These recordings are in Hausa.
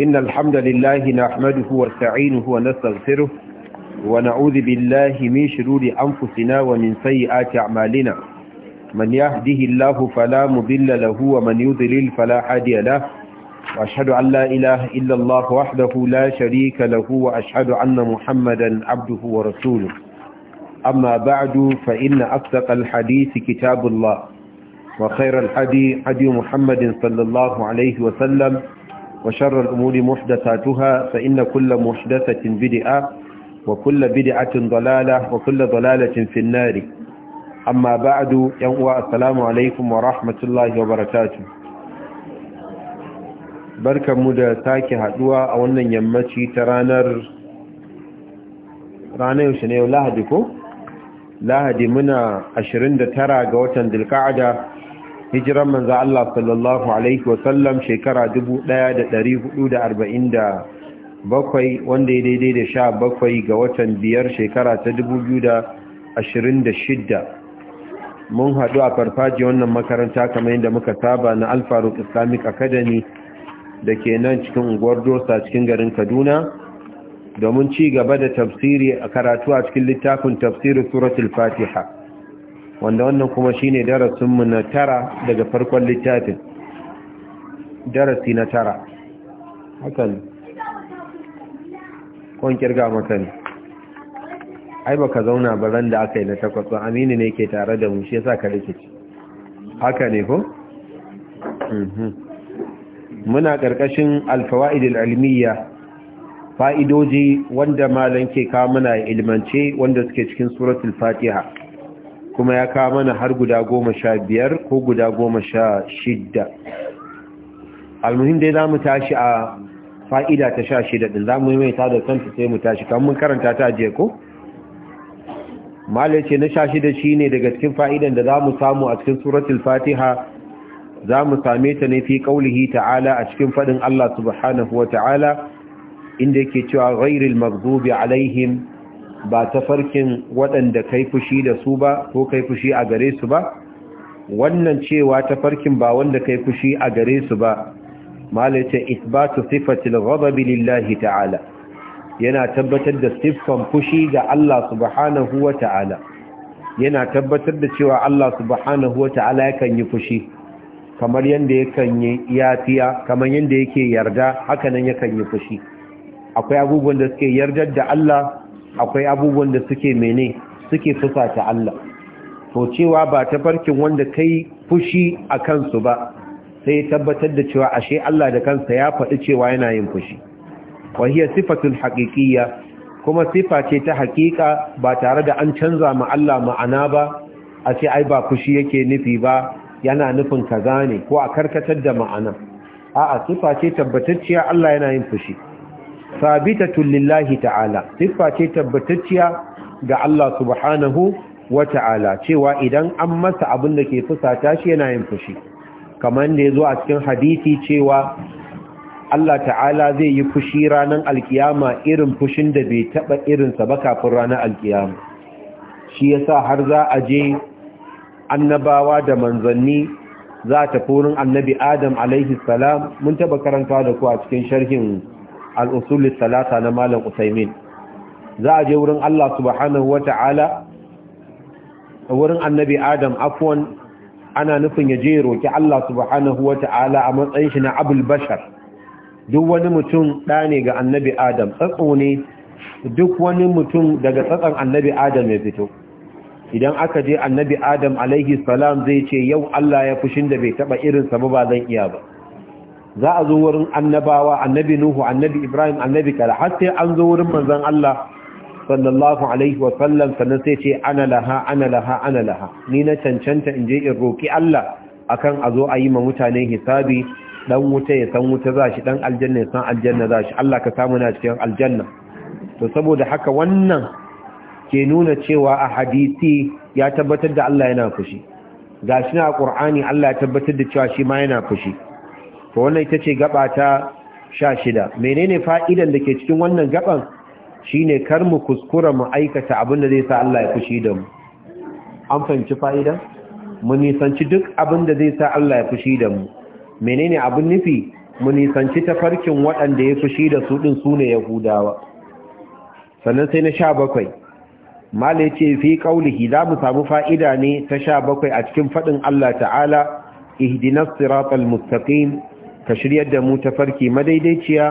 إن الحمد لله نحمده واستعينه ونستغفره ونعوذ بالله من شرور أنفسنا ومن سيئات أعمالنا من يهده الله فلا مضل له ومن يضلل فلا هادي له وأشهد أن لا إله إلا الله وحده لا شريك له وأشهد أن محمدا عبده ورسوله أما بعد فإن أصدق الحديث كتاب الله وخير الحديث حديث محمد صلى الله عليه وسلم وشر الأمور محدثاتها فإن كل محدثة بدعة وكل بدعة ضلالة وكل ضلالة في النار أما بعد يوم السلام عليكم ورحمة الله وبركاته بركة مدى ساكي هدوى أولا يمتي ترانر رانا يوشنيو لهدكو lahadi muna 29 ga watan dilka'ada hijiran manzo Allah sallallahu alaihi wasallam shekara 1447 wanda ya daidai da sha bakwai ga watan biyar shekara ta da 2026 mun haɗu a farfaji wannan makaranta kamar yadda muka saba na alfaruk islamic academy da ke nan cikin unguwar dosa cikin garin kaduna domin ci gaba da tafsiri a karatu a cikin littafin tafsirin suratul fatiha wanda wannan kuma shine darasinmu na tara daga farkon littafin darasi na tara hakan kon kirga maka ne ai baka zauna ba da aka yi na takwas ba aminu ne ke tare da mu shi yasa ka rikici haka ne ko mhm. muna karkashin alfawaid alalmiya fa'idoji wanda malan ke kawo muna ilmance wanda suke cikin suratul fatiha kuma ya kawo mana har guda goma sha biyar ko guda goma sha shidda almuhim dai za mu tashi a fa'ida ta sha shida ɗin za mu yi mai tada kanta sai mu tashi kan mun karanta ta je ko? malace na sha shida shi ne daga cikin fa'idan da za mu samu a cikin suratul fatiha za mu same ta ne fi ƙaulihi ta'ala a cikin faɗin Allah subhanahu wa ta'ala inda yake cewa ghairil maghdubi alaihim ba ta farkin waɗanda kai fushi da su ba ko kai fushi a gare su ba wannan cewa ta farkin ba wanda kai fushi a gare su ba malata isbatu sifatil ghadab lillahi ta'ala yana tabbatar da siffan fushi ga Allah subhanahu wa ta'ala yana tabbatar da cewa Allah subhanahu wa ta'ala yakan yi fushi kamar yadda yakan yi yafiya kamar yadda yake yarda hakanan yakan yi fushi akwai abubuwan da suke yardar da Allah akwai abubuwan da suke mene suke fusata Allah to cewa ba ta farkin wanda kai fushi a kansu ba sai tabbatar da cewa ashe Allah da kansa ya faɗi cewa yana yin fushi wa hiya sifatul kuma sifa ce ta haƙiƙa ba tare da an canza ma Allah ma'ana ba a ce ai ba fushi yake nufi ba yana nufin kaza ne ko a karkatar da ma'ana a'a sifa ce tabbatacciya Allah yana yin fushi sabitatun lillahi ta'ala siffa ce tabbatacciya ga Allah subhanahu wa ta'ala cewa idan an masa abin da ke fusata shi yana yin fushi kamar da ya zo a cikin hadisi cewa Allah ta'ala zai yi fushi ranar alkiyama irin fushin da bai taɓa irinsa ba kafin ranar alkiyama shi ya sa har za a je annabawa da manzanni za ta furin annabi adam alaihi salam mun taɓa karanta da ku a cikin sharhin al'usul salata na malam usaimin za a je wurin Allah subhanahu wa ta'ala wurin annabi adam afwan ana nufin ya je roki Allah subhanahu wa ta'ala a matsayin shi na abul bashar duk wani mutum ɗa ga annabi adam tsatso ne duk wani mutum daga tsatson annabi adam ya fito idan aka je annabi adam alaihi salam zai ce yau Allah ya fushin da bai taba irinsa ba ba zan iya ba za a zo wurin annabawa annabi nuhu annabi ibrahim annabi kala har sai an zo wurin manzon Allah sallallahu alaihi wa sallam sannan sai ce ana laha ana laha ana laha ni na cancanta in je in roki Allah akan a zo a yi ma mutane hisabi dan wuta ya san wuta za shi dan aljanna ya san aljanna za shi Allah ka samu na cikin aljanna to saboda haka wannan ke nuna cewa a hadisi ya tabbatar da Allah yana fushi gashi na a Qur'ani Allah ya tabbatar da cewa shi ma yana fushi ko wannan ita ce gaba ta sha shida menene fa'idan da ke cikin wannan gaban shine kar mu kuskura mu aikata abin da zai sa Allah ya fushi da mu an fahimci fa'idan mu nisanci duk abin da zai sa Allah ya fushi da mu menene abin nufi mu nisanci ta farkin waɗanda ya fushi da su ɗin su ne yahudawa sannan sai na sha bakwai mala ya ce fi ƙaulihi za mu samu fa'ida ne ta sha bakwai a cikin faɗin Allah ta'ala ihdinas siratal mustaqim ka shiryar da mu tafarki madaidaiciya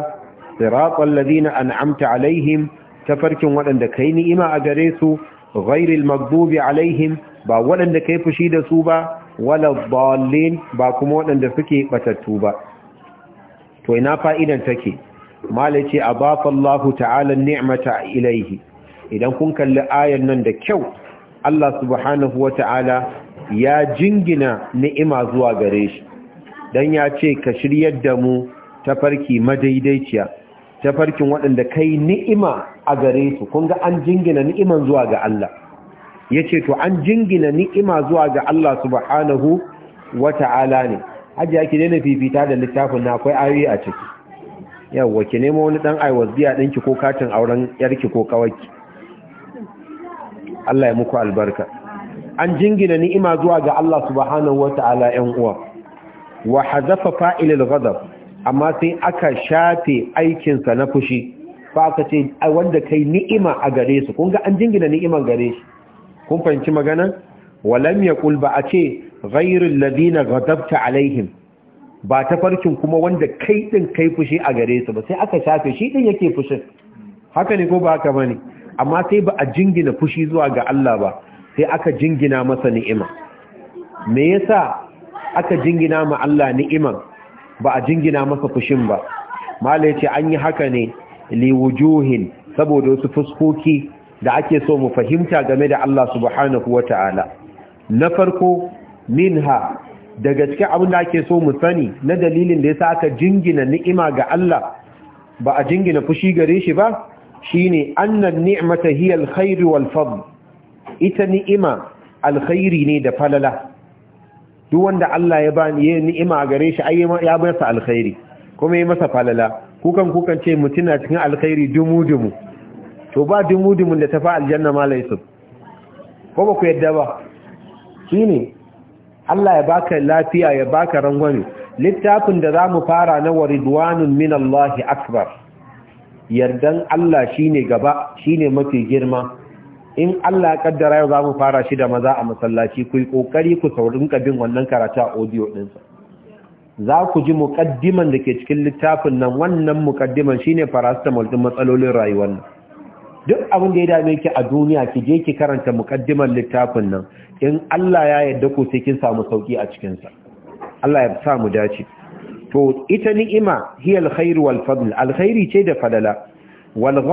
siratal ladina an'amta alaihim tafarkin waɗanda kai ni'ima a gare su ghairil maghdubi alaihim ba waɗanda kai fushi da su ba wala dallin ba kuma waɗanda suke batattu ba to ina fa'idan take malai ce abafa Allah ta'ala ni'mata ilaihi idan kun kalli ayar nan da kyau Allah subhanahu wa ta'ala ya jingina ni'ima zuwa gare shi don ya ce ka shiryar da mu tafarki madaidaiciya tafarkin waɗanda kai ni'ima a gare su kun ga an jingina ni'iman zuwa ga Allah ya ce to an jingina ni'ima zuwa ga Allah subhanahu wa ta'ala ne hajji ake daina fifita da littafin na akwai ayoyi a ciki yawwa ki nemo wani ɗan aiwas biya ɗinki ko katin auren yarki ko kawaki Allah ya muku albarka an jingina ni'ima zuwa ga Allah subhanahu wa ta'ala ‘yan uwa’ wa hazafa fa'ilil ghadab amma sai aka shafe aikinsa na fushi fa aka ce wanda kai ni'ima a gare su kun ga an jingina ni'iman gare shi kun fahimci magana lam yaqul ba a ce ghayrul ladina ghadabta alaihim ba ta farkin kuma wanda kai din kai fushi a gare su ba sai aka shafe shi din yake fushin haka ne ko ba haka bane amma sai ba a jingina fushi zuwa ga Allah ba sai aka jingina masa ni'ima me yasa aka jingina ma Allah ni'imar ba a jingina masa fushin ba mala ce an yi haka ne liwujuhin saboda wasu fuskoki da ake so mu fahimta game da Allah subhanahu wata'ala na farko minha daga cikin abin da ake so mu sani na dalilin da yasa aka jingina ni'ima ga Allah ba a jingina fushi gare shi ba shine annan ni'mata hiya alkhair wal fadl ita ni'ima alkhairi ne da falala duk wanda Allah ya bani ya ni'ima gare shi ai ya sa alkhairi kuma ya masa falala kukan kukan ce mutuna cikin alkhairi dumu dumu to ba dumu dumu da tafi aljanna ma ko ba ku yadda ba shine Allah ya baka lafiya ya baka rangwame littafin da za mu fara na waridwanun min Allah akbar yardan Allah shine gaba shine mafi girma in Allah ya kaddara yau za mu fara shi da maza a masallaci ku yi kokari ku saurin kabin wannan karatu a audio ɗinsa za ku ji muƙaddiman da ke cikin littafin nan wannan muƙaddiman shine paracetamol din matsalolin rayuwar nan duk abin da ya dame ki a duniya ki je ki karanta muƙaddiman littafin nan in Allah ya yarda ku sai kin samu sauki a cikin sa Allah ya sa dace to ita ni'ima hiya alkhairu wal alkhairi ce da fadala wal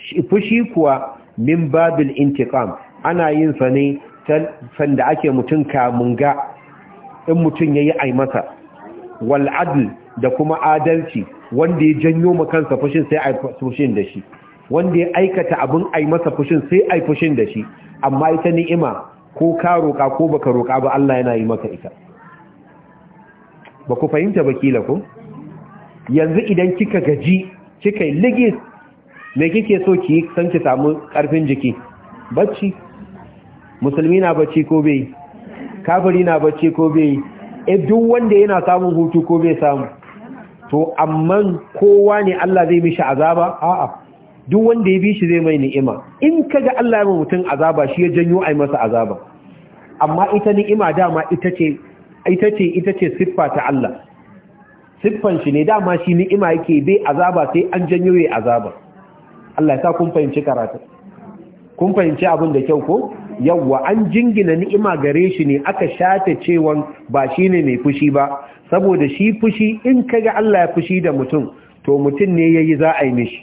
shi fushi kuwa min babil intiqam ana yin sa ne sanda ake mutum kamun ga in mutum yayi ai masa wal adl da kuma adalci wanda ya janyo ma kansa fushin sai ai fushin da shi wanda ya aikata abin ai masa fushin sai ai fushin da shi amma ita ni'ima ko ka roƙa ko baka roƙa ba Allah yana yi maka ita ba ku fahimta ba kila ko yanzu idan kika gaji kika yi ligis me kike so ki san ki samu karfin jiki bacci musulmi na bacci ko bai kafiri na bacci ko bai e duk wanda yana samun hutu ko bai samu to amma kowa ne Allah zai mishi azaba a'a duk wanda ya bi shi zai mai ni'ima in kaga Allah ya mu mutum azaba shi ya janyo ai masa azaba amma ita ni'ima dama ita ce ita ce ita ce siffa ta Allah siffan shi ne dama shi ni'ima yake bai azaba sai an janyo ya azaba Allah ya sa kun fahimci karatu kun fahimci abin da kyau ko yawwa an jingina ni'ima gare shi ne aka shata cewan ba shine mai fushi ba saboda shi fushi in kaga Allah ya fushi da mutum to mutum ne yayi za a yi mishi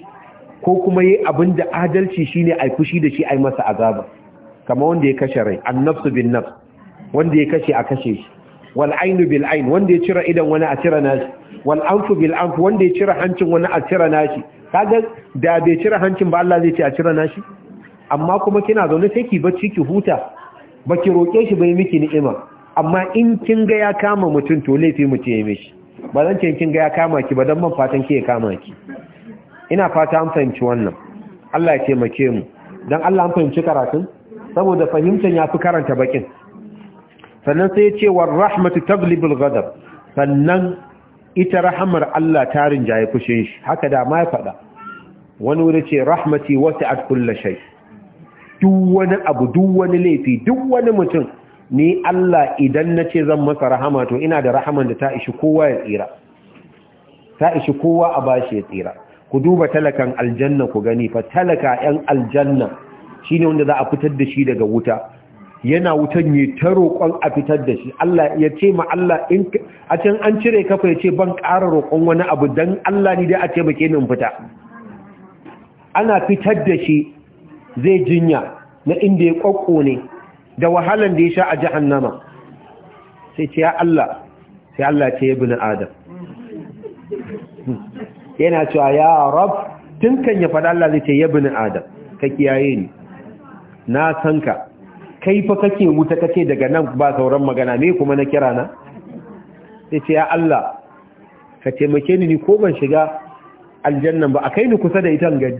ko kuma yi abin da adalci shine ai fushi da shi ai masa azaba kamar wanda ya kashe rai annafsu bin nafs wanda ya kashe a kashe shi wal ainu bil ain wanda ya cira idan wani a cira nashi wal anfu bil anfu wanda ya cira hancin wani a cira nashi kaga da bai cire hancin ba Allah zai ce a cire nashi amma kuma kina zaune sai ki bacci ki huta baki roke shi bai miki ni'ima amma in kin ga ya kama mutum to laifi mu ce mishi ba zan ce kin ga ya kama ki ba dan man fatan ki ya kama ki ina fata an fahimci wannan Allah ya taimake mu dan Allah an fahimci karatun saboda fahimtar ya fi karanta bakin sannan sai ya ce war rahmatu taglibul ghadab sannan ita rahamar Allah ta rinjaye fushin shi haka da ma ya faɗa wani wuri ce rahmati wata at kulla shay duk wani abu duk wani laifi duk wani mutum ni Allah idan nace zan masa rahama to ina da rahaman da ta ishi kowa ya tsira ta ishi kowa a bashi ya tsira ku duba talakan aljanna ku gani fa talaka yan aljanna shine wanda za a fitar da shi daga wuta yana wutan ne ta roƙon a fitar da shi Allah ya ce ma Allah in a can an cire kafa ya ce ban ƙara roƙon wani abu dan Allah ni dai a ce ni in fita ana fitar da shi zai jinya na inda ya ƙwaƙƙo ne da wahalan da ya sha a jahannama sai ce ya Allah sai Allah ce ya bini adam yana cewa ya rab tun kan ya faɗa Allah zai ce ya bini adam ka kiyaye ni na san ka kai fa kake wuta kake daga nan ba sauran magana me kuma na kira na sai ce ya Allah ka taimake ni ni ko ban shiga aljanna ba a kai ni kusa da ita gani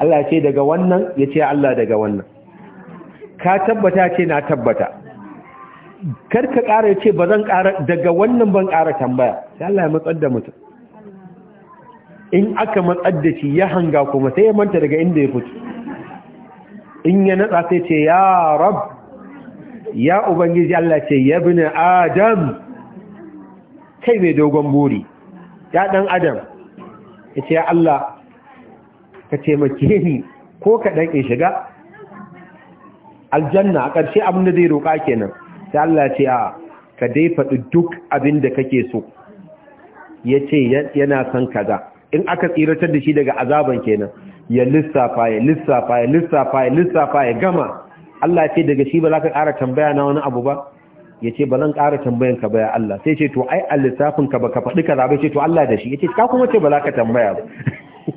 Allah ya ce daga wannan ya ce Allah daga wannan ka tabbata ce na tabbata kar ka ƙara ya ce ba zan ƙara daga wannan ban ƙara tambaya sai Allah ya matsar da mutum in aka matsar da shi ya hanga kuma sai ya manta daga inda ya fito in ya natsa sai ce ya rab ya ubangiji Allah ce ya bini adam kai mai dogon buri ya dan adam ya ce ya Allah ka taimake ni ko ka dan in shiga aljanna a ƙarshe abin da zai roƙa kenan sai Allah ce a ka dai faɗi duk abin da kake so ya ce yana son kaza in aka tsiratar da shi daga azaban kenan ya lissafa ya lissafa ya lissafa ya lissafa ya gama Allah ce daga shi ba za ka ƙara tambaya na wani abu ba ya ce ba zan ƙara tambayan ka baya Allah sai ce to ai a lissafin ka ba ka faɗi ka zaɓe ce to Allah da shi ya ce ka kuma ce ba za ka tambaya ba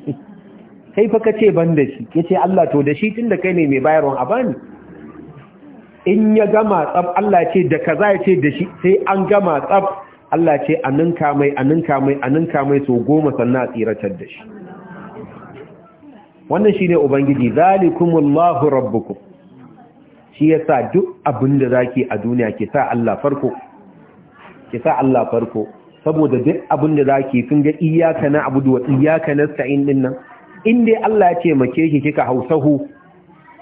kai fa ka ce ban da shi ya ce Allah to da shi tun da kai ne mai bayarwan a bani in ya gama tsab Allah ce da kaza ya ce da shi sai an gama tsab Allah ce a ninka mai a ninka mai a ninka mai so goma sannan a tsiratar da shi wannan shi ne ubangiji zalikumullahu rabbuku shi ya sa duk abin da zaki a duniya ki sa Allah farko ki sa Allah farko saboda duk abin da zaki sun ga iyaka na abu duwa iyaka na sa'in din nan in Allah ya ce mace ki kika hausahu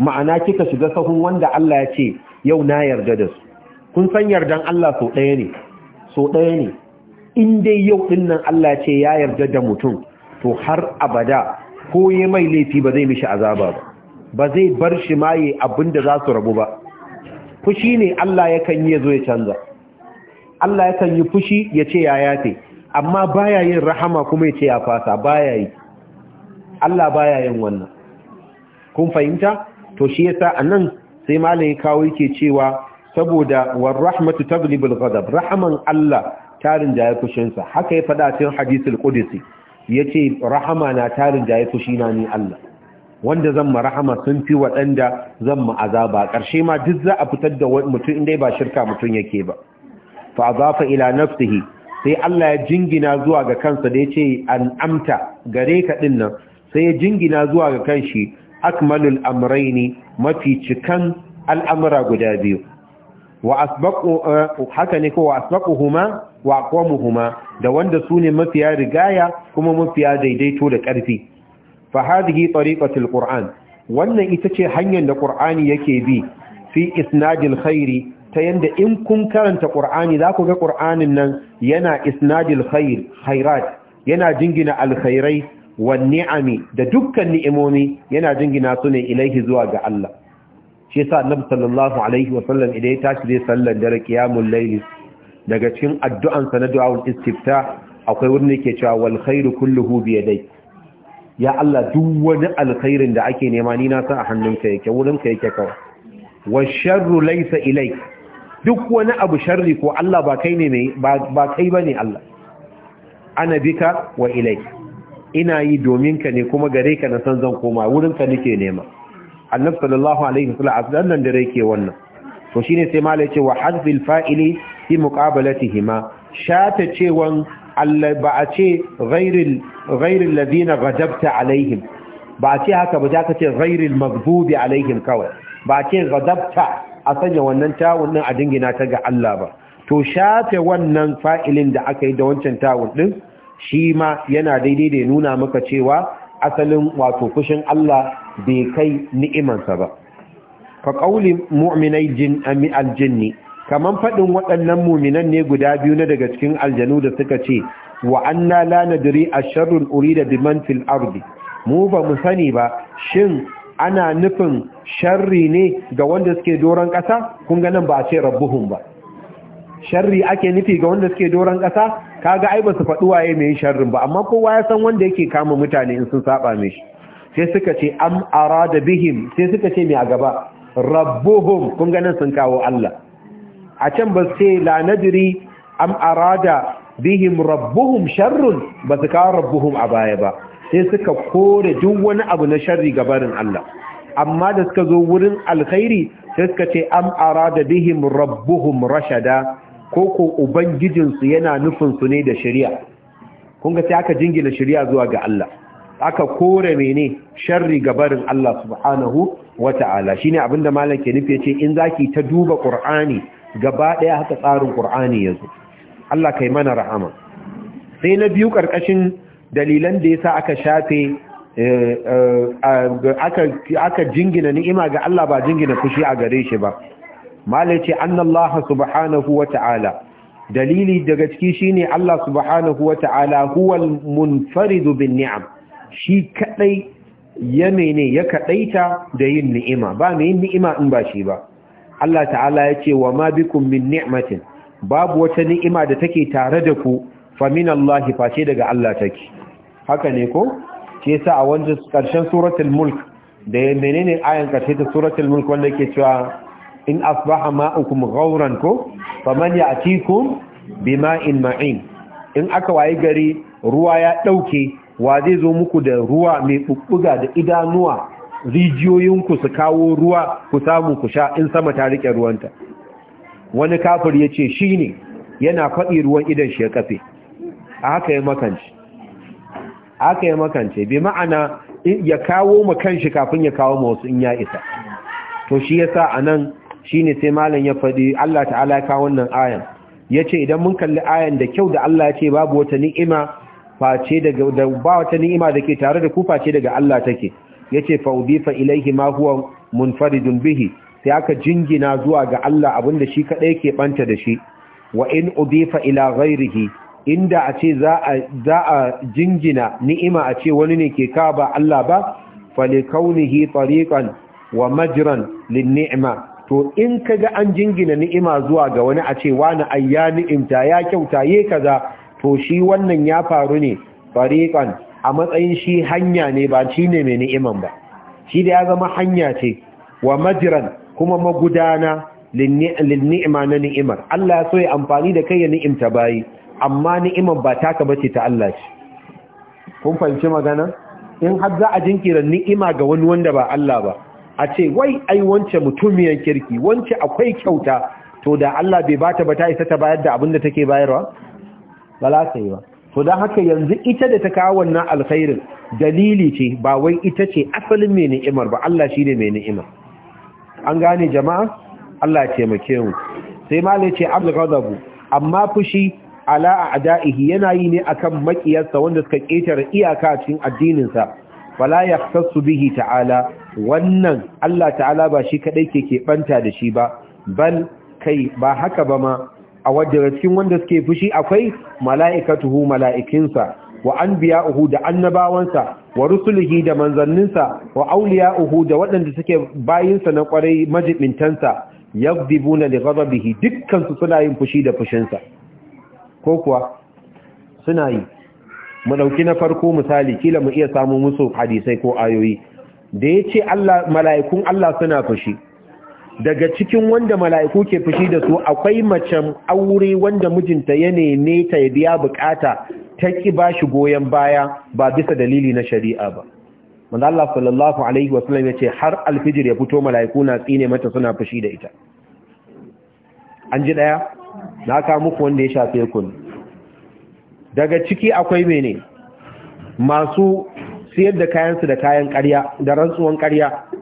ma'ana kika shiga sahun wanda Allah ya ce yau na yarda da su kun san yardan Allah so ɗaya ne so ɗaya ne in yau din nan Allah ya ce ya yarda da mutum to har abada ko yi mai laifi ba zai mishi azaba ba ba zai bar shi maye abinda za su rabu ba fushi ne Allah yakan yi zo ya canza Allah yakan yi fushi ya ce ya yafe amma baya yin rahama kuma ya ce ya fasa baya yi Allah baya yin wannan kun fahimta to shi a nan sai malai kawo yake cewa saboda war rahmatu taglibul ghadab rahaman Allah tarin da ya kushinsa haka ya fada cikin hadisul qudsi ya ce rahama na tarin jaye na ne Allah wanda zan ma rahama sun fi waɗanda zan ma azaba ƙarshe ma duk za a fitar da mutum inda ba shirka mutum yake ba fa azafa ila nafsihi sai Allah ya jingina zuwa ga kansa da ya ce an amta gare ka din nan sai ya jingina zuwa ga kanshi akmalul ne mafi cikan al'amura guda biyu Eh, haka ne ko wa huma wa huma, da wanda sune mafiya rigaya kuma mafiya daidaito da ƙarfi fa hadhihi ƙur'an qur'an wannan ita ce hanyar da ƙur'ani yake bi fi isnadil khairi ta yanda in kun karanta ƙur'ani za ku ga ƙur'anin nan yana isnadil khair khairat yana jingina alkhairai wan ni'ami da dukkan ni'imomi yana jingina su ne ilaihi zuwa ga Allah shi yasa annabi sallallahu alaihi wa sallam idan ya tashi zai sallan dare qiyamul layl daga cikin addu'an sa na du'aul istifta akwai wurin yake cewa wal khairu kulluhu bi yadai ya Allah duk wani alkhairin da ake nema ni na sa a hannunka yake ka yake kawai wa sharru laysa ilai, duk wani abu sharri ko Allah ba kai ne mai ba kai bane Allah ana bika wa ilai. ina yi domin ka ne kuma gare ka na san zan koma wurin wurinka nake nema annabi sallallahu alaihi wasallam a nan dare ke wannan to shine sai malai ce wa hadfil fa'ili fi muqabalatihima shata cewan Allah ba a ce ghairil ghairil ladina ghadabta alaihim ba a ce haka ba za ka ce ghairil maghdubi alaihim kawai ba a ce ghadabta a sanya wannan tawun din a dingina ta ga Allah ba to shafe wannan fa'ilin da aka yi da wancan tawun din shi ma yana daidai da nuna maka cewa asalin wato fushin Allah bai kai ni'imansa ba ka qauli mu'minai jin aljinni kaman faɗin waɗannan muminan ne guda biyu na daga cikin aljanu da suka ce wa anna la nadri asharrul urida biman fil ardi mu ba mu sani ba shin ana nufin sharri ne ga wanda suke doron ƙasa kun ga nan ba a ce rabbuhum ba sharri ake nufi ga wanda suke doron ƙasa kaga ai ba su faɗi waye mai sharrin ba amma kowa ya san wanda yake kama mutane in sun saba mishi sai suka ce am arada bihim sai suka ce mai a gaba rabbuhum kun ganin sun kawo Allah a can ba sai la nadri am arada bihim rabbuhum sharrun ba su kawo rabbuhum a baya ba sai suka kore duk wani abu na sharri gabarin Allah amma da suka zo wurin alkhairi sai suka ce am arada bihim rabbuhum rashada ko ko ubangijinsu yana nufinsu ne da shari'a kun ga sai aka jingina shari'a zuwa ga Allah aka kore mene sharri gabarin Allah subhanahu wata'ala shine abinda malam ke nufi yace in zaki ta duba Qur'ani gaba daya haka tsarin Qur'ani yanzu. Allah kai mana rahama sai na biyu karkashin dalilan da yasa aka shafe eh, eh, aka jingina ni'ima ga Allah ba jingina fushi a gare shi ba malam yace annallaha subhanahu wata'ala dalili daga ciki shine Allah subhanahu wata'ala huwal munfaridu bin ni'am shi kadai ya mene ya kadaita da yin ni'ima ba mai yin ni'ima in ba shi ba Allah ta'ala ya ce wa ma bikum min ni'matin babu wata ni'ima da take tare da ku fa min Allah face daga Allah take haka ne ko shi yasa a wannan karshen suratul mulk da menene ayan karshe ta suratul mulk wanda ke cewa in asbaha ma'ukum ghauran ko faman ya'tikum bima'in ma'in in aka wayi gari ruwa ya dauke wa zai zo muku da ruwa mai bubbuga da idanuwa rijiyoyinku su kawo ruwa ku samu ku sha in sama ta rike ruwanta wani kafir ya ce shi ne yana faɗi ruwan idan shi ya kafe a haka ya makance bi ma'ana ya kawo ma kanshi kafin ya kawo ma wasu in ya isa to shi ya sa a nan, shi ne sai malam ya faɗi Allah ta'ala ya kawo wannan ayan ce idan mun kalli ayan da kyau da Allah ya ce babu wata ni'ima face daga da ba wata ni'ima da ke tare da ku face daga Allah take yace fa udifa ilaihi ma huwa munfaridun bihi sai aka jingina zuwa ga Allah abinda shi kaɗai ke ɓanta da shi wa in udifa ila ghairihi inda a ce za a jingina ni'ima a ce wani ne ke ka ba Allah ba falikaunihi tariqan wa majran lin ni'ma to in kaga an jingina ni'ima zuwa ga wani a ce wani ayya ni'imta ya kyauta ye kaza to shi wannan ya faru ne fariqan a matsayin shi hanya ne ba shi ne mai ni'iman ba shi da ya zama hanya ce wa majiran kuma magudana lin ni'ima na ni'imar Allah ya so ya amfani da kai ya ni'imta bayi amma ni'imar ba taka bace ta Allah ce kun fahimci magana in har za a jinkira ni'ima ga wani wanda ba Allah ba a ce wai ai wance mutumiyar kirki wance akwai kyauta to da Allah bai bata ba ta isa ta bayar da abin da take bayarwa ba za ka yi ba to don haka yanzu ita da ta kawo wannan alkhairin dalili ce ba wai ita ce asalin mai ni'imar ba Allah shi ne mai ni'imar an gane jama'a Allah taimake mu sai malai ce abdul amma fushi ala a'da'ihi yana yi ne akan makiyarsa wanda suka ketare iyaka cikin addinin sa wala yahtassu bihi ta'ala wannan Allah ta'ala ba shi kaɗai ke keɓanta da shi ba bal kai ba haka ba ma a wadda cikin wanda suke fushi akwai mala'ikatuhu mala'ikinsa wa uhu da annabawansa wa rusulihi da manzanninsa wa auliya uhu da waɗanda suke bayinsa na ƙwarai majibintansa yaghdibuna li ghadabihi dukkan su suna yin fushi da fushinsa ko kuwa suna yi mu dauki na farko misali kila mu iya samu musu hadisai ko ayoyi da yace Allah mala'ikun Allah suna fushi daga cikin wanda mala'iku ke fushi da su akwai macen aure wanda mijinta ya neme ta ya biya bukata ta ki ba shi goyon baya ba bisa dalili na shari'a ba manzo Allah sallallahu alaihi wasallam ce har alfijir ya fito mala'iku na tsine mata suna fushi da ita an ji ɗaya na ka muku wanda ya shafe ku daga ciki akwai mene masu siyar da kayansu da kayan ƙarya da rantsuwan ƙarya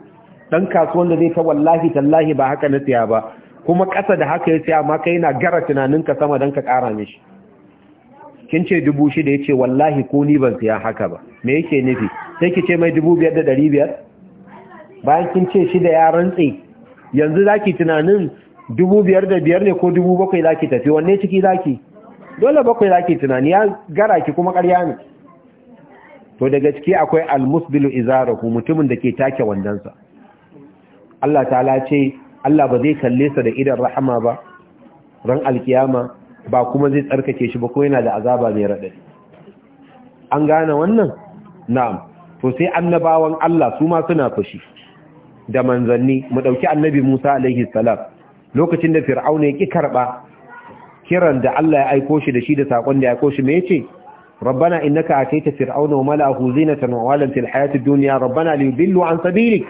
dan kasuwan da zai ta wallahi tallahi ba haka na siya ba kuma ƙasa da haka ya siya amma kai na gara tunaninka sama dan ka ƙara mishi kin ce dubu shida ya ce wallahi ko ni ban siya haka ba me yake nufi sai ki ce mai dubu biyar da ɗari biyar bayan kin ce shida ya rantse yanzu za ki tunanin dubu biyar da biyar ne ko dubu bakwai za ki tafi wanne ciki za ki dole bakwai za ki tunani ya gara ki kuma ƙarya ne to daga ciki akwai almusbilu izarahu mutumin da ke take wandansa Allah ta'ala ce Allah ba zai kalle sa da idan rahama ba ran alkiyama ba kuma zai tsarkake shi ba ko yana da azaba mai radadi an gane wannan na'am to sai annabawan Allah su ma suna fushi da manzanni mu dauki annabi Musa alaihi salam lokacin da fir'auna ya ki karba kiran da Allah ya aiko shi da shi da sakon da ya aiko shi me yace ربنا إنك أتيت فرعون وملأه زينة وعالا في الحياة الدنيا rabbana ليضلوا an سبيلك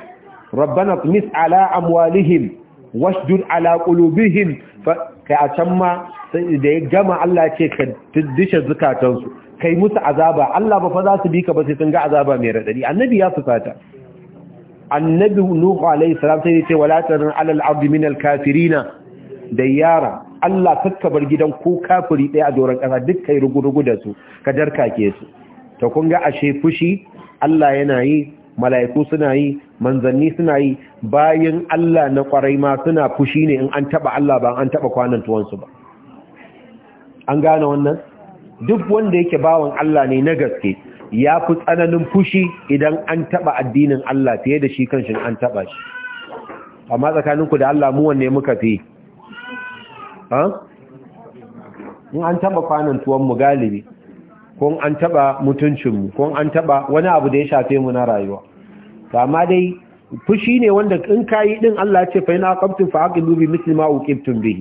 rabbana tumis ala amwalihim washdud ala qulubihim kai a can ma da ya gama Allah ce ka dishe zukatansu kai musu azaba Allah ba fa za su bi ka ba sai sun ga azaba mai radadi annabi ya fusata annabi nuhu alaihi salam sai ya ce wala tarin alal ardi min al kafirina dayara Allah kakka bar gidan ko kafiri ɗaya a doron kasa duk kai rugurugu da su ka darkake su to kun ga ashe fushi Allah yana yi mala'iku suna yi manzanni suna yi bayan Allah na kwarai ma suna fushi ne in an taba Allah ba an taba kwanan tuwansu ba an gane wannan duk wanda yake bawan Allah ne na gaske ya fi tsananin fushi idan an taba addinin Allah fiye da shi shi an taba shi amma tsakaninku da Allah mu wanne muka fi in an taba kwanan mu galibi ko an taba mutuncinmu ko an taba wani abu da ya shafe mu na rayuwa to amma dai fushi ne wanda in kayi din Allah ya ce fa ina aqabtum fa aqilu bi misli ma uqibtum bi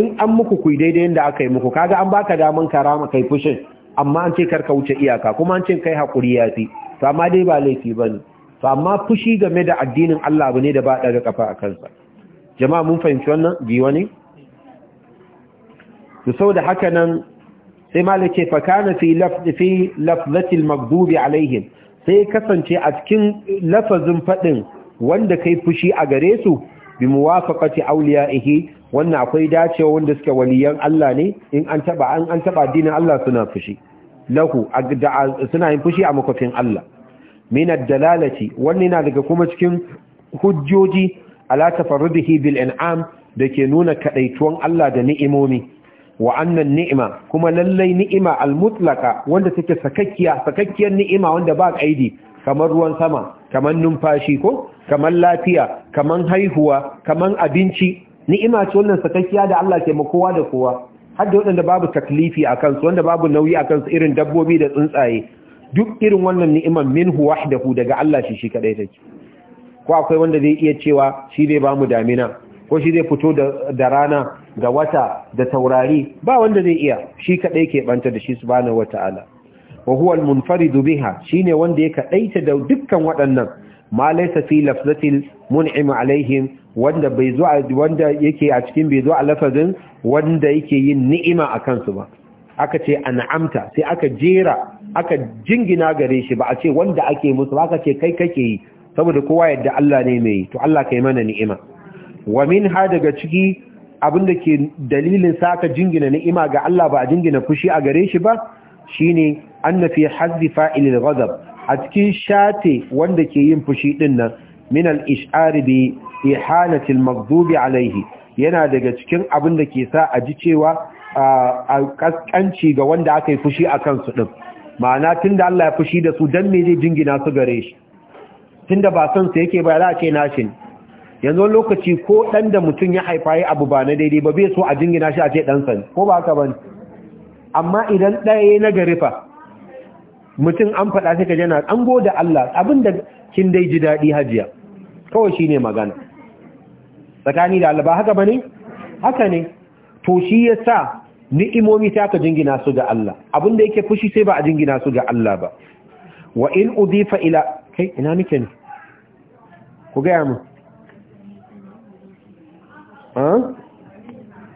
in an muku ku daidai yanda aka yi muku kaga an baka daman karama kai fushin amma an ce karka wuce iyaka kuma an ce kai hakuri fi. to amma dai ba laifi bane to amma fushi game da addinin Allah bane da ba daga kafa a kansa jama'a mun fahimci wannan bi wani? to saboda haka nan sai malike fa kana fi lafzi fi lafzati al-maghdubi alaihim sai kasance a cikin lafazin faɗin wanda kai fushi a gare su bi muwafaqati ihi, wannan akwai dacewa wanda suke waliyan Allah ne in an taba an an taba dinin Allah suna fushi lahu suna yin fushi a makofin Allah min ad-dalalati wannan na daga kuma cikin hujjoji ala tafarrudihi bil in'am dake nuna kadaituwan Allah da ni'imomi wa annan ni'ima kuma lallai ni'ima al almutlaka wanda take sakakkiya sakakkiyar ni'ima wanda ba kaidi kamar ruwan sama kamar numfashi ko kamar lafiya kamar haihuwa kamar abinci ni'ima ce wannan sakakkiya da Allah ke makowa da kowa har da waɗanda babu taklifi a kansu wanda babu nauyi a kansu irin dabbobi da tsuntsaye duk irin wannan ni'iman minhu wahdahu daga Allah shi shi kadai take ko akwai wanda zai iya cewa shi zai bamu damina ko shi zai fito da rana da wata da taurari ba wanda zai iya shi kadai ke banta da shi subhanahu wata'ala wa huwa al-munfaridu biha shine wanda ya kadaita da dukkan waɗannan ma laysa fi lafzatil mun'im alaihim wanda bai zo wanda yake a cikin bai zo a lafazin wanda yake yin ni'ima a kansu ba aka ce an'amta sai aka jera aka jingina gare shi ba a ce wanda ake musu aka ce kai kake yi saboda kowa yadda Allah ne mai to Allah kai mana ni'ima wa min ha daga ciki abin da ke dalilin saka jingina ni'ima ga Allah ba a jingina fushi a gare shi ba shine annafi hazzi fa'ilil ghadab a cikin shate wanda ke yin fushi din nan min al-ish'ari bi ihanati al-maghdubi alayhi yana daga cikin abin da ke sa a ji cewa a kaskanci ga wanda aka yi fushi a kansu din ma'ana tunda Allah ya fushi da su dan me zai jingina su gare shi tunda ba son sa yake ba za a ce nashi yanzu wani lokaci ko ɗan da mutum ya haifa ya abu ba na daidai ba bai so a jingina shi a ce ɗansa ne ko ba haka ba amma idan ɗaya na gari fa mutum an faɗa sai ka jana an goda Allah abin da kin dai ji daɗi hajiya kawai shi ne magana tsakani da Allah ba haka ba ne haka ne to shi ya sa ni'imomi ta ka jingina su ga Allah abin da yake fushi sai ba a jingina su ga Allah ba wa in udifa ila kai ina nake ne ku gaya mu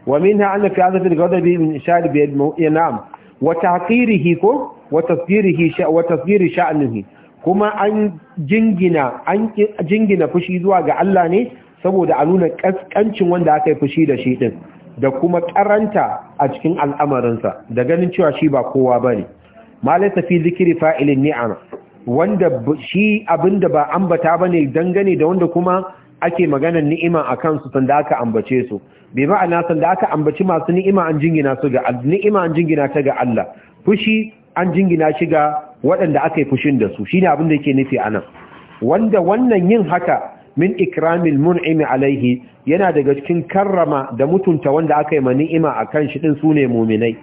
ومنها أن في عزف الغضب من إشار بيد نعم وتعقيره كو وتصديره شا وتصدير شأنه كما أن جنجنا أن جنجنا فشي زوا ga Allah ne saboda a nuna kaskancin wanda aka yi fushi da shi ɗin, da kuma karanta a cikin al'amarinsa da ganin cewa shi ba kowa ba ne malai tafi zikiri fa'ilin ni’ana wanda shi abinda ba ambata bane dangane da wanda kuma ake maganar ni'ima a kansu sanda aka ambace su bai ma'ana sanda aka ambaci masu ni'ima an jingina su ga ni'ima an jingina ta ga Allah fushi an jingina shi ga waɗanda aka yi fushin da su shine abin da yake nufi a nan wanda wannan yin haka min ikramil mun'imi alaihi yana daga cikin karrama da mutunta wanda aka yi ma ni'ima kan shi din sune mu'minai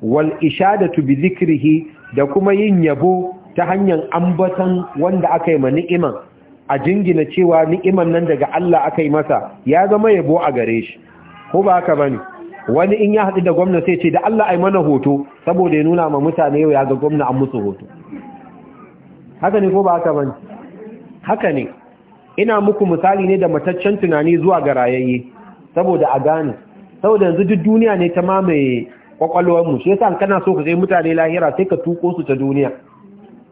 wal ishadatu bi zikrihi da kuma yin yabo ta hanyar ambatan wanda aka yi ma ni'iman a jingina cewa ni'iman nan daga Allah aka yi masa ya zama yabo a gare shi ko ba haka bane wani in ya haɗu da gwamna sai ce da Allah ai mana hoto saboda ya nuna ma mutane yau ya ga gwamna an musu hoto haka ne ko ba haka bane haka ne ina muku misali ne da mataccen tunani zuwa ga rayayye saboda a gane saboda yanzu duk duniya ne ta mamaye mu, shi yasa kana so ka sai mutane lahira sai ka tuko su ta duniya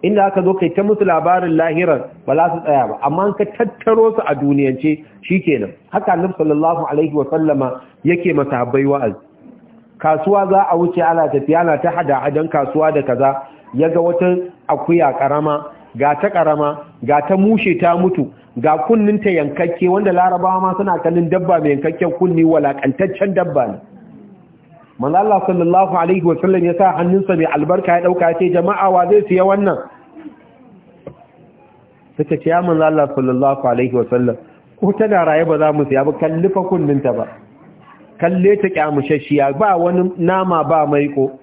inda aka zo kai ta musu labarin lahirar ba za su tsaya ba amma ka tattaro su a duniyance shi shikenan haka nan, sallallahu alaihi wa sallama yake masahabbai wa'azi kasuwa za a wuce ana tafiya na ta hada adan kasuwa da kaza Ya ga wata akuya karama ga ta karama ga ta mushe ta mutu ga kunnin ta yankakke wanda larabawa ma suna kallon dabba mai yankakken kunni walakantaccen dabba ne manzo Allah sallallahu alaihi wa sallam ya sa hannunsa mai albarka ya dauka ya ce jama'a wa zai siya wannan suka ce ya manzo Allah sallallahu alaihi wasallam ko tana raye ba za mu siya ba kalli fa kunninta ba kalle ta kyamushashiya ba wani nama ba maiko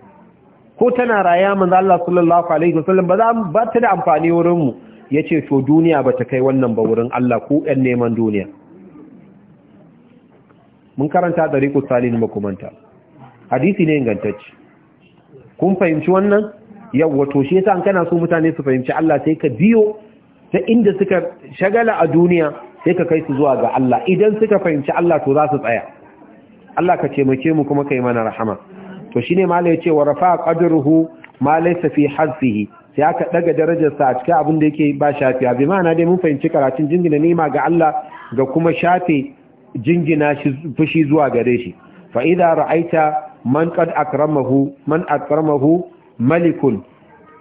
ko tana raye manzo Allah sallallahu alaihi wasallam ba za ba ta da amfani wurin mu yace to duniya ba ta kai wannan ba wurin Allah ko ɗan neman duniya mun karanta dariku salin makumanta hadisi ne ingantacce kun fahimci wannan yau to shi yasa an kana so mutane su fahimci Allah sai ka biyo ta inda suka shagala a duniya sai ka kai su zuwa ga Allah idan suka fahimci Allah to za su tsaya Allah ka taimake mu kuma kai mana rahama to shine mala yace wa rafa qadruhu ma laysa fi hazfihi sai aka daga darajar sa a cikin abin da yake ba shafi! bi ma'ana dai mun fahimci karatun jingina nima ga Allah ga kuma shafe jingina shi fushi zuwa gare shi fa idza ra'aita man qad akramahu man akramahu malikun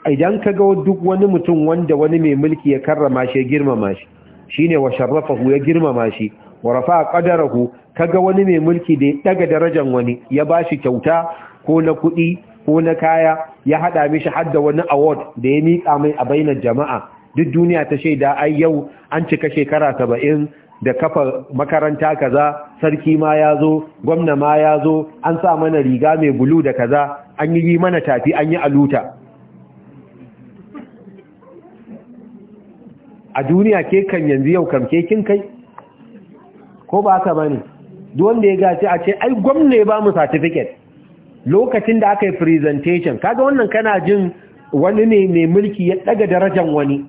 idan ka ga duk wani mutum wanda wani mai mulki ya karrama shi ya girmama shi shine wa sharrafahu ya girmama shi wa rafa qadarahu kaga wani mai mulki da ya daga darajar wani ya bashi kyauta ko na kuɗi ko na kaya ya hada mishi har da wani award da ya mika mai a bainar jama'a duk duniya ta shaida ai yau an cika shekara saba'in da kafa makaranta kaza sarki ma ya zo gwamna ma ya zo an sa mana riga mai bulu da kaza an yi mana tafi an yi aluta a duniya ke kan yanzu yau kan ke kin kai ko ba ka bane duk wanda ya gace a ce ai gwamna ya ba mu certificate lokacin da aka yi presentation kaga wannan kana jin wani ne mai mulki ya daga darajar wani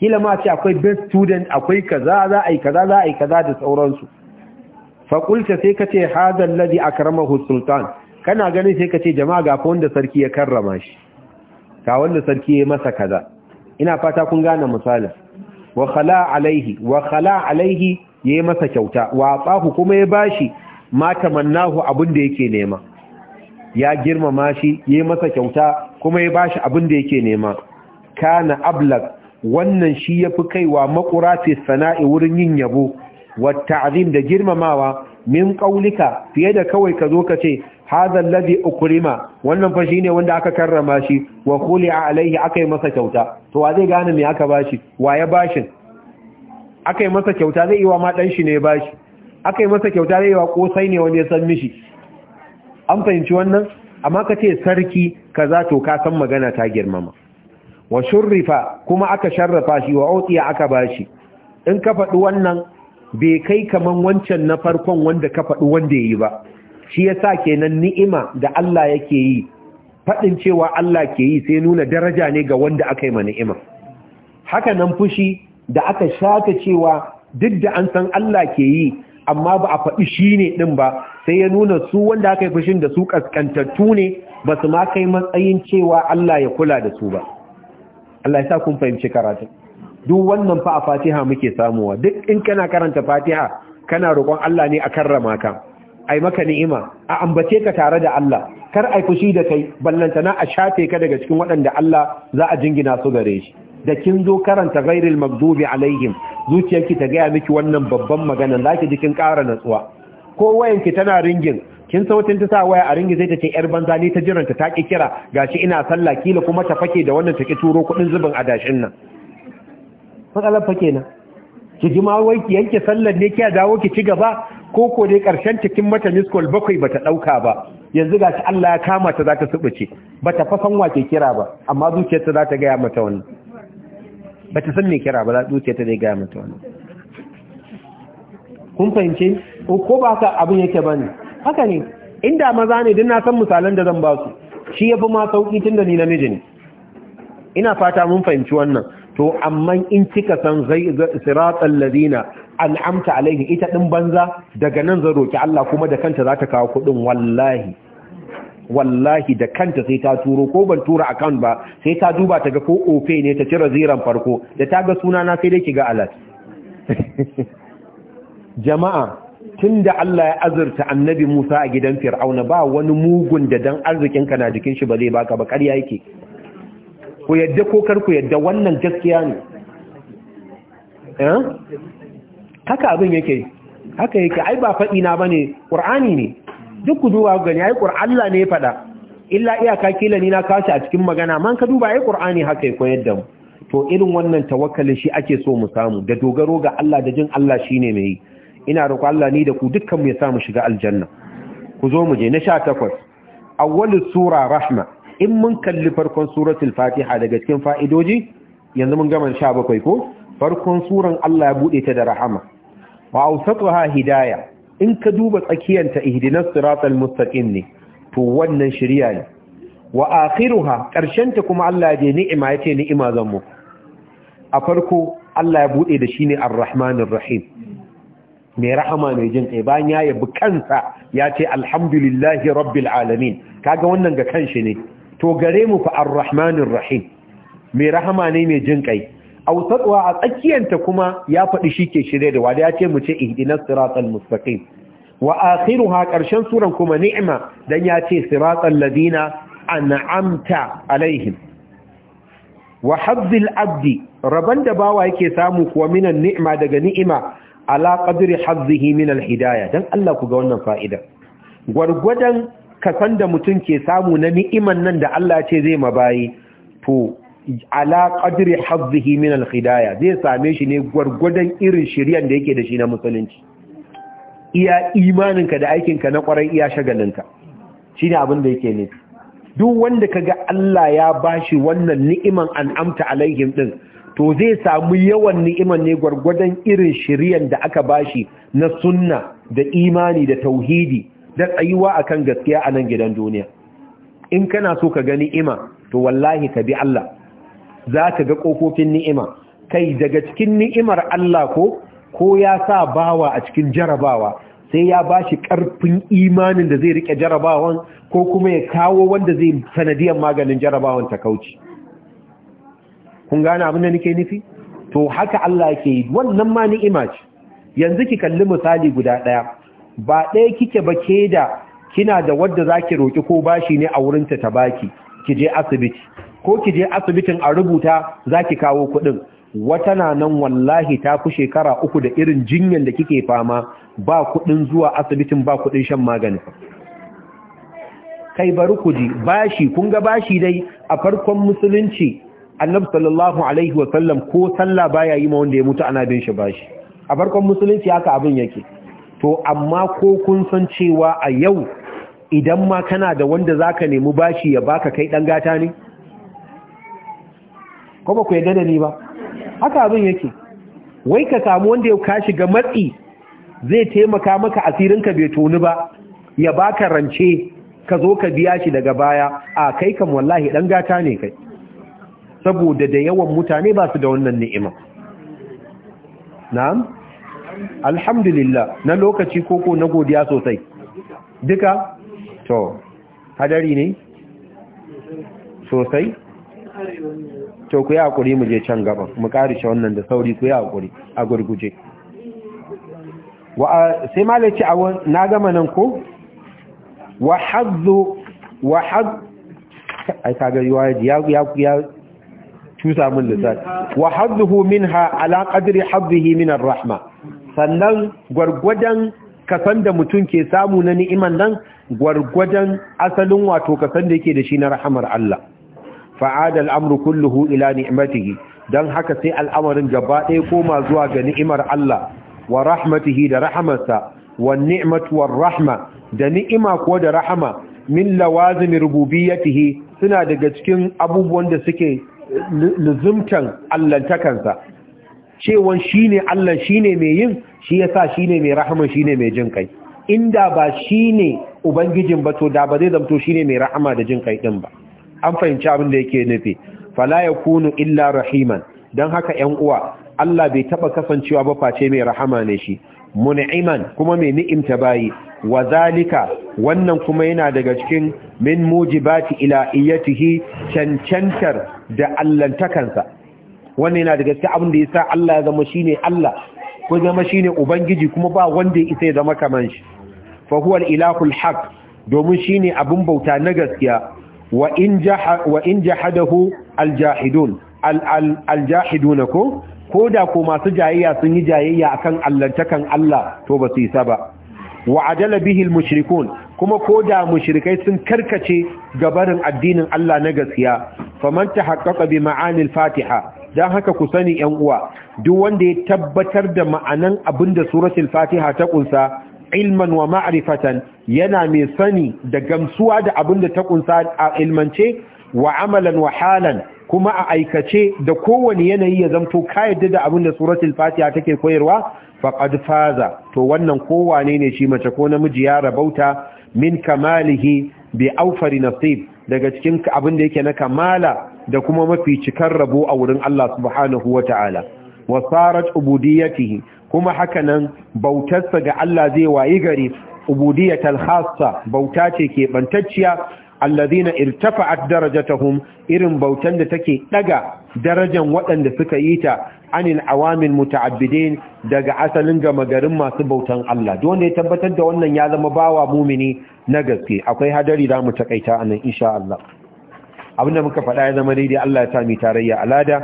kila ma ce akwai best student akwai kaza za a yi kaza za a yi kaza da sauransu fakulta sai ka ce hadal ladhi akramahu sultan kana ganin sai ka ce jama'a ga wanda sarki ya karrama shi ga wanda sarki ya masa kaza ina fata kun gane misalin wa khala alaihi wa khala alaihi yayi masa kyauta wa tsahu kuma ya bashi ma tamannahu abin da yake nema ya girmama shi yayi masa kyauta kuma ya bashi abin da yake nema kana ablag wannan shi yafi kaiwa makura fi sana'i wurin yin yabo wa ta'zim da girmamawa min qaulika fiye da kawai ka zo ka ce hadha alladhi ukrima wannan fa shine wanda aka karrama shi wa khuli'a alaihi akai masa kyauta to wa zai gane me aka bashi wa ya bashin akai masa kyauta zai wa ma dan shi ne bashi akai masa kyauta zai wa kosai ne wanda ya san mishi an fahimci wannan amma ka ce sarki kaza to ka san magana ta girmama wa shurrifa kuma aka sharrafa shi wa utiya aka bashi in ka faɗi wannan bai kai kaman wancan na farkon wanda ka faɗi wanda yayi ba shi ya yasa kenan ni'ima da Allah yake yi faɗin cewa Allah ke yi sai nuna daraja ne ga wanda aka yi ma ni'ima haka nan fushi da aka shata cewa duk da an san Allah ke yi amma ba a faɗi shi ne ɗin ba sai ya nuna su wanda aka yi fushin da su ƙasƙantattu ne ba su ma kai matsayin cewa Allah ya kula da su ba Allah ya sa kun fahimci karatu duk wannan fa a fatiha muke samuwa duk in kana karanta fatiha kana roƙon Allah ne a karrama ka ai maka ni'ima a ambace ka tare da Allah kar ai fushi da kai ballantana a shafe ka daga cikin waɗanda Allah za a jingina su gare shi da kin zo karanta ghairil maghdubi alaihim zuciyarki ta gaya miki wannan babban magana zaki ji kin ƙara natsuwa ko wayanki tana ringin kin sautin ta sa waya a ringi zai ta ce yar banza ne ta jiranta ta ki kira gashi ina sallah kila kuma ta fake da wannan take turo kudin zubin adashin nan matsalar fake na ki ji ma wai ki yanke sallar ne kiya dawo ki ci gaba ko ko dai karshen cikin mata miskol bakwai bata dauka ba yanzu ga shi Allah ya kama ta za ta subuce bata fa san wake kira ba amma zuciyarta za ta gaya mata Ba bata san me kira ba ta zai gaya mata wani. kun fahimce ko ba ka abin yake bane haka ne inda maza ne duk na san misalan da zan ba su shi yafi ma sauki tunda ni namiji ne ina fata mun fahimci wannan to amma in kika san siratal ladina an'amta alaihi ita din banza daga nan zan roki Allah kuma da kanta za ta kawo kuɗin? wallahi wallahi da kanta sai ta turo ko ban tura account ba sai ta duba ta ga ko ofe ne ta cire ziran farko da ta ga suna na sai dai ki ga alat jama'a tunda Allah ya azurta annabi Musa a gidan Fir'auna ba wani mugun da dan arzikin ka na jikin shi ba zai baka ba ƙarya yake ku yadda ko kar ku yadda wannan gaskiya ne eh? haka abin yake haka yake ai ba faɗi na bane qur'ani ne duk ku duba gani ai qur'an Allah ne faɗa illa iyaka kila ni na kashi a cikin magana man ka duba ai qur'ani haka ya koyar da mu to irin wannan tawakkali shi ake so mu samu da dogaro ga Allah da jin Allah shine mai ina roƙo Allah ni da ku dukkan mu ya samu shiga aljanna ku zo mu je na 18 awwal sura rahma in mun kalli farkon suratul fatiha daga cikin fa'idoji yanzu mun gama 17 ko farkon suran Allah ya bude ta da rahama wa awsatuha hidaya in ka duba tsakiyanta ihdinas siratal mustaqim ne to wannan shari'a ne wa akhiruha ta kuma Allah ya ni'ima yace ni'ima zan mu a farko Allah ya bude da shine arrahmanir rahim Me rahama mai jin kai bayan ya yi bukansa ya ce alhamdulillahi rabbil alamin kaga wannan ga kanshi ne to gare mu fa arrahmanir rahim mai rahama ne mai jin kai ausatwa a tsakiyanta kuma ya faɗi shi ke shirye da wada ya ce mu ce ihdinas siratal mustaqim wa akhiruha karshen suran kuma ni'ima dan ya ce siratal ladina an'amta alaihim wa habzil abdi raban da bawa yake samu kuwa minan ni'ima daga ni'ima ala qadri hazzihi min alhidayah dan Allah ku ga wannan fa'ida gwargwadan kasan da mutum ke samu na ni'iman nan da Allah ce zai mabayi to ala qadri hazzihi min al-hidayah zai same shi ne gwargwadon irin shiryan da yake da shi na musulunci iya imaninka da aikinka na kwarai iya shagalinka shine abin da yake ne duk wanda kaga Allah ya bashi wannan ni'iman an'amta alaihim din to zai samu yawan ni'iman ne gwargwadon irin shiryan da aka bashi na sunna da imani da tauhidi da tsayuwa akan gaskiya a nan gidan duniya in kana so ka gani ima, to wallahi ka bi Allah za ka ga ƙofofin ni'ima kai daga cikin ni'imar Allah ko ko ya sa bawa a cikin jarabawa sai ya ba shi ƙarfin imanin da zai riƙe jarabawan ko kuma ya kawo wanda zai sanadiyar maganin jarabawan ta kauci kun gane abin da nake nufi to haka Allah yake yi wannan ma ni'ima ce yanzu ki kalli misali guda ɗaya ba ɗaya kike ba ke da kina da wadda ki roƙi ko bashi ne a wurinta ta baki ki je asibiti ko ki je asibitin a rubuta za ki kawo kuɗin wata na nan wallahi ta fi shekara uku da irin jinyar da kike fama ba kuɗin zuwa asibitin ba kuɗin shan magani kai bari ku ji bashi kun ga bashi dai a farkon musulunci annabi sallallahu alaihi wa sallam ko sallah baya yi ma wanda ya mutu ana bin shi bashi a farkon musulunci haka abin yake to amma ko kun san cewa a yau idan ma kana da wanda zaka nemi bashi ya baka kai dan gata ne ko ba ku yarda da ni ba haka abin yake wai ka samu wanda ya ka shiga matsi zai taimaka maka asirin ka bai toni ba ya baka rance ka zo ka biya shi daga baya a kai kam wallahi dan gata ne kai saboda da yawan mutane ba su da wannan ni'ima na'am alhamdulillah na lokaci koko na godiya sosai duka to hadari ne sosai to ku yi hakuri mu je can gaban mu karishe wannan da sauri ku yi hakuri a gurguje sai malaci a na gama nan ko wa haddu wa haddu ai kaga ya ya ya tusa min lisan wa hadduhu minha ala qadri haddihi min ar-rahma sannan gwargwadan kasan da mutum ke samu na ni'iman nan gwargwadan asalin wato kasan da yake da shi na rahamar Allah fa'ada al'amru kulluhu ila ni'imatihi Don haka sai al'amarin gaba ɗaya koma zuwa ga ni'imar Allah wa rahmatihi da rahamarsa wa ni'matu rahma da ni'ima ko da rahama min lawazim rububiyyatihi suna daga cikin abubuwan da suke luzumtan allantakansa cewan ne Allah ne mai yin shi shi ne mai rahama ne mai jin kai inda ba ne ubangijin ba to da ba zai zamto shine mai rahama da jin kai ɗin ba an fahimci abin da yake nufi fala ya kunu illa rahiman Don haka 'yan uwa Allah bai taba kasancewa ba face mai rahama ne shi mun'iman kuma mai ni'imta bayi wa zalika wannan kuma yana daga cikin min mujibati iyatihi cancantar da allantakansa wannan yana daga cikin abin da yasa Allah ya zama shine Allah ko zama shine ubangiji kuma ba wanda ya isa ya zama kaman shi fa huwa ilahul haq domin shine abin bauta na gaskiya wa in jahadahu aljahidun aljahiduna ko ko da ko masu jayayya sun yi jayayya akan allantakan Allah to ba su isa ba wa adala bihi almushrikun kuma ko da mushrikai sun karkace gabarin addinin Allah na gaskiya faman haƙaƙabi, bi fatiha dan haka ku sani yan uwa duk wanda ya tabbatar da ma'anan abinda suratul fatiha ta ƙunsa. ilman wa ma'rifatan yana mai sani da gamsuwa da abin da ta kunsa a ilmance wa amalan wa halan kuma a aikace da kowane yanayi ya zamto ka yadda da abin da suratul fatiha take koyarwa faqad faza to wannan kowane ne shi mace ko namiji ya rabauta min kamalihi bi aufari nasib daga cikin abin da yake na kamala da kuma mafi cikar rabo a wurin Allah subhanahu wata'ala sarat ubudiyyatihi kuma haka nan, bautarsa ga Allah zai wayi gari ubudiyatal khassa bauta ce ke bantacciya alladhina irtafa'at darajatuhum irin bautan da take daga darajan waɗanda suka yi ta anil awamin muta'abbidin daga asalin gama garin masu bautan Allah Don ne tabbatar da wannan ya zama bawa mumini na gaske akwai hadari da mu takaita anan insha Allah abinda muka faɗa ya zama daidai Allah ya sa mu tarayya alada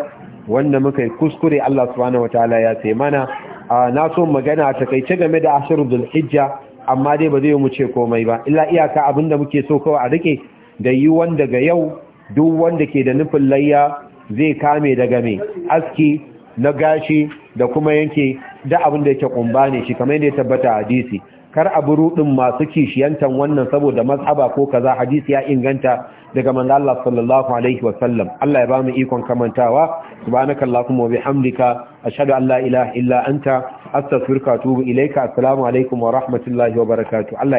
wanda muka yi kuskure Allah subhanahu wataala ya sai mana na so magana a takaice game da ashirin zulhijja amma dai ba zai mu ce komai ba illa iyaka abin da muke so kawai a rike da yi wanda ga yau duk wanda ke da nufin layya zai kame daga mai aski na gashi da kuma yanke da abin da yake kumba ne shi kamar yadda ya tabbata hadisi kar a buru din masu kishiyantan wannan saboda mazhaba ko kaza hadisi ya inganta daga manzo Allah sallallahu alaihi wa sallam Allah ya mu ikon kamantawa subhanakallahumma wa bihamdika ashhadu an la ilaha illa anta astaghfiruka wa atubu ilaika assalamu alaikum wa rahmatullahi wa barakatuh